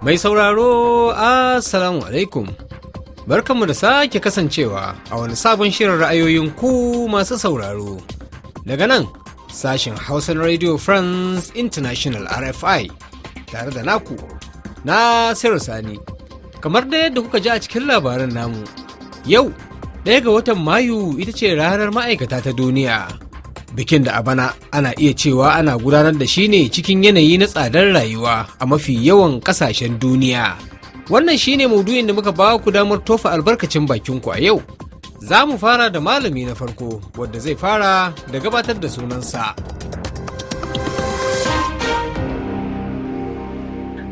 Mai sauraro, Assalamu alaikum. Barkanmu da sake kasancewa a wani sabon shirin ra'ayoyin ku masu sauraro. Daga nan, sashen Hausan Radio France International RFI tare da naku, na sayar Sani. Kamar da yadda kuka ji a cikin labaran namu, yau ɗaya ga watan Mayu ita ce ranar ma'aikata ta duniya. bikin da a bana ana iya cewa ana gudanar da shi ne cikin yanayi na tsadar rayuwa a mafi yawan kasashen duniya wannan shine ne da muka ba ku damar tofa albarkacin bakinku a yau za mu fara da malami na farko wadda zai fara da gabatar da sunansa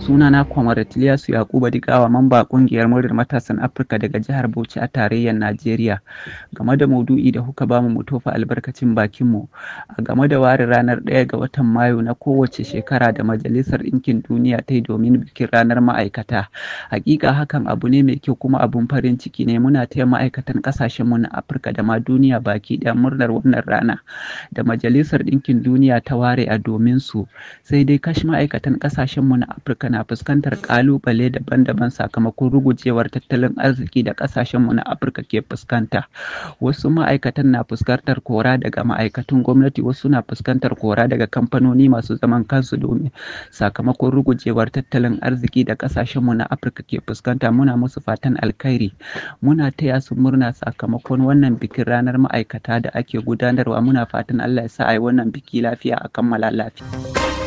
sunana kwamar tiliyasu yakuba Dikawa mamba kungiyar muryar matasan afirka daga jihar bauchi a tarayyar najeriya game da maudu'i da kuka bamu mu tofa albarkacin bakinmu a game da ware ranar ɗaya ga watan mayu na kowace shekara da majalisar ɗinkin duniya ta yi domin bikin ranar ma'aikata hakika hakan abu ne mai kyau kuma abun farin ciki ne muna taya ma'aikatan kasashen mu na afirka da ma duniya baki ɗaya murnar wannan rana da majalisar ɗinkin duniya ta ware a domin su sai dai kashi ma'aikatan kasashen mu na afirka na fuskantar kalubale daban-daban sakamakon rugujewar tattalin arziki da kasashenmu na Afirka ke fuskanta. Wasu ma'aikatan na fuskantar kora daga ma'aikatan gwamnati, wasu na fuskantar kora daga kamfanoni masu zaman kansu domin sakamakon rugujewar tattalin arziki da kasashenmu na Afirka ke fuskanta muna musu fatan alkhairi. Muna taya su murna sakamakon wannan bikin ranar ma'aikata da ake gudanarwa muna fatan Allah ya sa a yi wannan biki lafiya a kammala lafiya.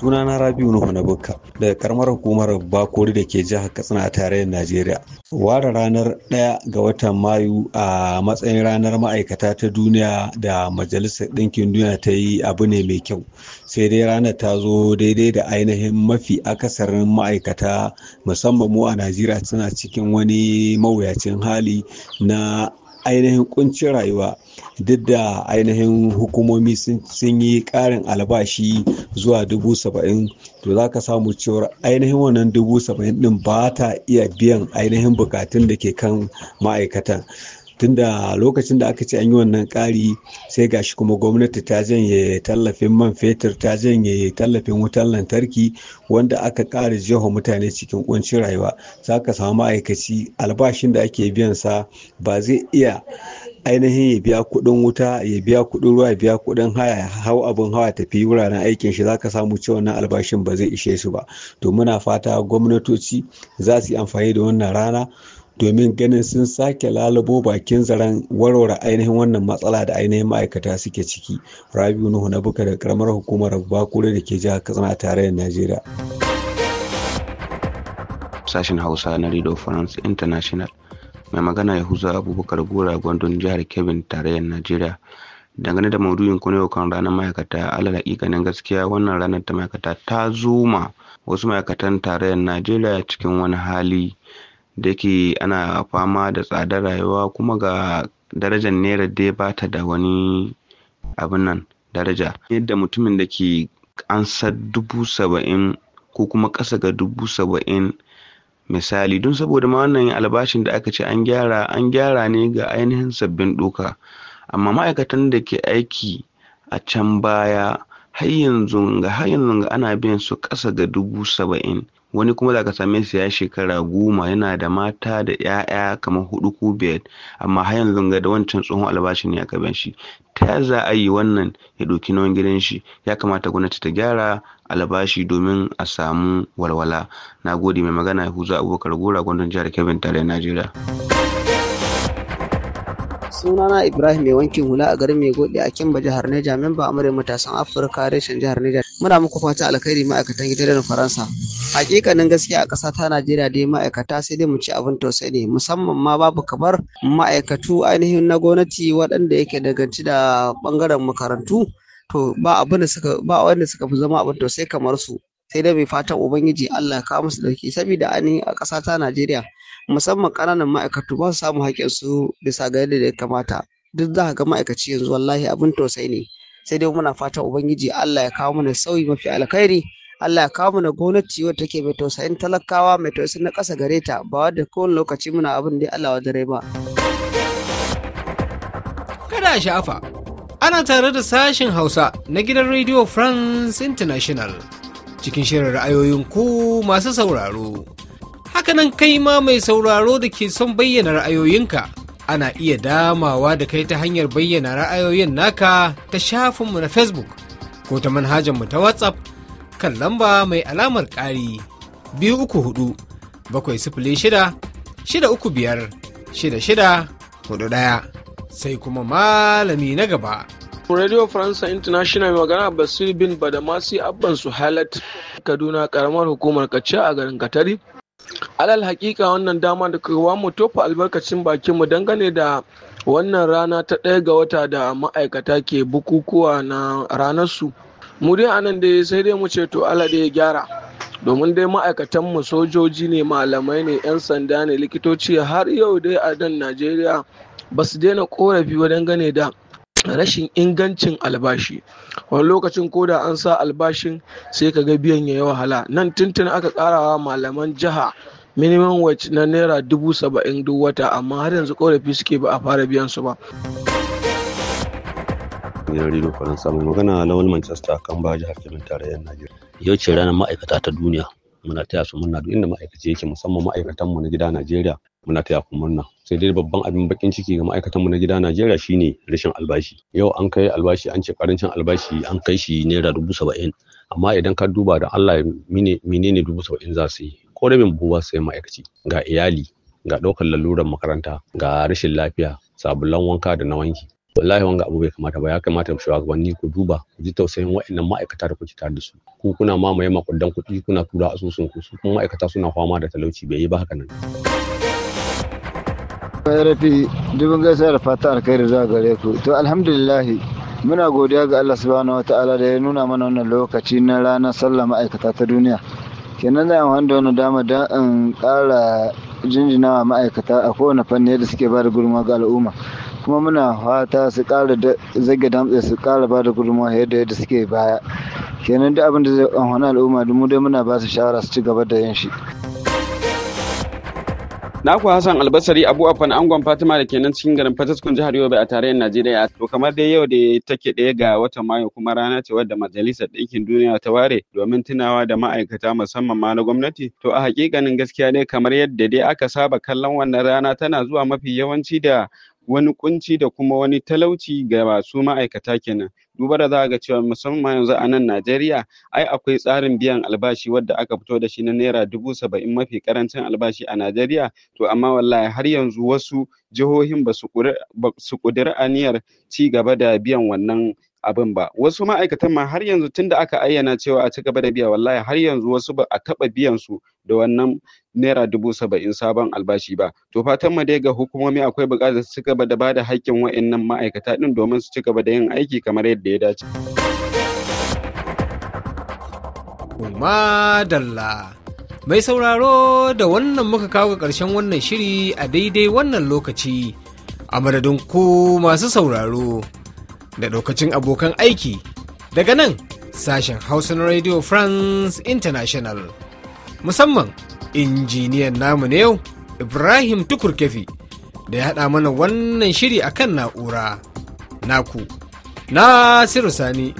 Suna na rabiu nuhu na bukka daga karamar hukumar bakori da ke jihar katsina a tarayyar najeriya ware ranar ɗaya ga watan mayu a matsayin ranar ma'aikata ta duniya da majalisar ɗinkin duniya ta yi abu ne mai kyau sai dai ranar ta zo daidai da ainihin mafi akasarin ma'aikata musamman mu a najeriya suna cikin wani mawuyacin hali na ainihin kuncin rayuwa duk da ainihin hukumomi sun yi karin albashi zuwa dubu saba'in to za ka samu cewar ainihin wannan dubu saba'in din ba ta iya biyan ainihin bukatun da ke kan ma'aikatan tunda lokacin da aka ce an yi wannan ƙari sai gashi kuma gwamnati ta janye tallafin man fetur ta janye tallafin wutan lantarki wanda aka ƙara jiho mutane cikin kuncin rayuwa za ka samu ma'aikaci albashin da ake biyan sa ba zai iya ainihin ya biya kuɗin wuta ya biya kuɗin ruwa ya biya kuɗin haya hau abin hawa tafi wuraren aikin shi zaka samu cewa wannan albashin ba zai ishe su ba to muna fata gwamnatoci za su yi amfani da wannan rana domin ganin sun sake lalubo bakin zaren warware ainihin wannan matsala da ainihin ma'aikata suke ciki rabiu nuhu na buka da karamar hukumar bakure da ke jihar katsina a tarayyar najeriya sashen hausa na radio france international mai magana ya huza abubakar gora gwandon jihar kebin tarayyar najeriya dangane da maudu'in kuna yau kan ranar ma'aikata alal hakikanin gaskiya wannan ranar ta ma'aikata ta zoma wasu ma'aikatan tarayyar najeriya cikin wani hali da yake ana fama da tsadar rayuwa kuma ga darajar naira dai ba ta da wani abin nan daraja yadda mutumin da ke ansar dubu saba'in ko kuma ƙasa ga dubu saba'in misali don saboda ma wannan albashin da aka ce an gyara an gyara ne ga ainihin sabbin doka amma ma'aikatan da ke aiki a can baya har yanzu ga har yanzu ana biyan su ƙasa ga dubu saba'in wani kuma za ka same su ya shekara goma yana da mata da 'ya'ya kamar hudu ko biyar amma har yanzu ga da wancan tsohon albashin ne gaban shi ta za a yi wannan ya ɗauki nawan gidan shi ya kamata gwamnati ta gyara albashi domin a samu walwala na gode mai magana ya huza abubakar gora gwamnatin jihar kebbi tare najeriya sunana ibrahim mai wankin hula a garin mai gode a kimba jihar neja memba amurai matasan afirka reshen jihar neja muna muku fata alkhairi ma'aikatan gidan faransa hakikanin gaskiya a ƙasa ta najeriya dai ma'aikata sai dai mu ci abin tausayi ne musamman ma babu kamar ma'aikatu ainihin na gwamnati waɗanda yake daganci da bangaren makarantu to ba abin da suka ba wanda suka fi zama abin tausayi kamar su sai dai mai fatan ubangiji allah ya kawo musu dauki saboda ainihin a ƙasa ta najeriya musamman ƙananan ma'aikatu ba su samu haƙƙin su bisa ga yadda ya kamata duk za ka ga ma'aikaci yanzu wallahi abin tausayi ne sai dai muna fatan ubangiji Allah ya kawo mana sauyi mafi alkhairi Allah ya kawo mana gwamnati wadda take mai tausayin talakawa mai tausayin na ƙasa gare ta ba wadda kowane lokaci muna abin da Allah wa dare ba. Kada a sha'afa ana tare da sashen Hausa na gidan Radio France International cikin shirin ra'ayoyin ku masu sauraro. hakanan kai ma mai sauraro da ke son bayyana ra'ayoyinka ana iya damawa da kai ta hanyar bayyana ra'ayoyin naka ta shafinmu na facebook ko ta manhajarmu ta whatsapp kan lamba mai alamar ƙari biyu uku hudu bakwai sifili shida shida uku biyar shida shida hudu ɗaya sai kuma malami na gaba Radio Faransa International mai magana Basir bin Badamasi Abban Suhalat Kaduna karamar hukumar Kacce a garin Katari alal hakika wannan dama da kuka mu tofa albarkacin bakinmu dangane da wannan rana ta ɗaya ga wata da ma'aikata ke bukukuwa na ranarsu mu dai anan dai sai dai mu ce to Allah dai ya gyara domin dai ma'aikatanmu sojoji ne malamai ne 'yan sanda ne likitoci har yau dai a dan najeriya ba su daina korafi wa dangane da rashin ingancin albashi wani lokacin ko da an sa albashin sai ka ga biyan ya yi wahala nan tuntun aka karawa malaman jiha minimum wage na naira dubu saba'in duk wata amma har yanzu korafi suke ba a fara biyan su ba gidan rediyo faransa mai magana lawal manchester kan ba jihar tarayyar najeriya yau ce ranar ma'aikata ta duniya muna taya su muna duk inda ma'aikaci yake musamman ma'aikatanmu na gida najeriya muna taya ku murna sai dai babban abin bakin ciki ga ma'aikatan mu na gida Najeriya shine rashin albashi yau an kai albashi an ce karancin albashi an kai shi naira dubu saba'in amma idan ka duba da Allah menene dubu saba'in za su yi ko rabin buwa sai ma'aikaci ga iyali ga ɗaukar laluran makaranta ga rashin lafiya sabulan wanka da na wanki wallahi wanga abu bai kamata ba ya kamata mu shiga shugabanni ku duba ku ji tausayin wa'annan ma'aikata da kuke tare da su ku kuna mamaye makudan kuɗi kuna tura asusun ku su kuma ma'aikata suna fama da talauci bai yi ba haka nan rafi dubin gaisuwa da fata alkhairi zuwa gare ku to alhamdulillahi muna godiya ga Allah subhanahu wataala da ya nuna mana wannan lokaci na ranar sallah ma'aikata ta duniya kenan zai wanda wani dama don in ƙara jinjinawa ma'aikata a kowane fanni yadda suke ba da gudunmawa ga al'umma kuma muna fata su ƙara zage damtse su kara ba da gudunmawa yadda yadda suke baya kenan duk abin da zai amfani al'umma mu dai muna ba su shawara su ci gaba da yin shi. Na Naku Hassan Albasari Abu Afan Angon Fatima da kenan cikin garin Fataskun jihar Yobe a tarayyar Najeriya. To kamar dai yau da take ɗaya ga watan Mayu kuma rana ce wadda Majalisar Ɗinkin Duniya ta ware domin tunawa da ma'aikata musamman ma na gwamnati. To a hakikanin gaskiya ne kamar yadda dai aka saba kallon wannan rana tana zuwa mafi yawanci da wani kunci da kuma wani talauci ga masu ma'aikata kenan duba da zaka ga cewa musamman yanzu a nan Najeriya ai akwai tsarin biyan albashi wadda aka fito da shi na naira dubu saba'in mafi karancin albashi a Najeriya to amma wallahi har yanzu wasu jihohin ba su ƙudiri aniyar ci gaba da biyan wannan abin ba wasu ma'aikatan ma har yanzu tun da aka ayyana cewa a ci gaba da biya wallahi har yanzu wasu ba a taɓa biyan su da wannan naira dubu saba'in sabon albashi ba to fatan mu dai ga hukumomi akwai buƙatar su ci gaba da bada haƙƙin wa'annan ma'aikata ɗin domin su ci gaba da yin aiki kamar yadda ya dace. Madalla mai sauraro da wannan muka kawo ga ƙarshen wannan shiri a daidai wannan lokaci a madadin ku masu sauraro. da ɗaukacin abokan aiki daga nan sashen Hausa na Radio France International. Musamman injiniyan namu ne yau Ibrahim Tukurkefi da ya haɗa mana wannan shiri a kan na'ura. Naku, Nasiru Sani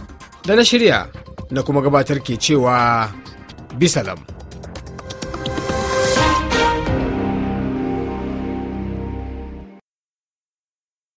da na shirya na kuma gabatar ke cewa bisalam.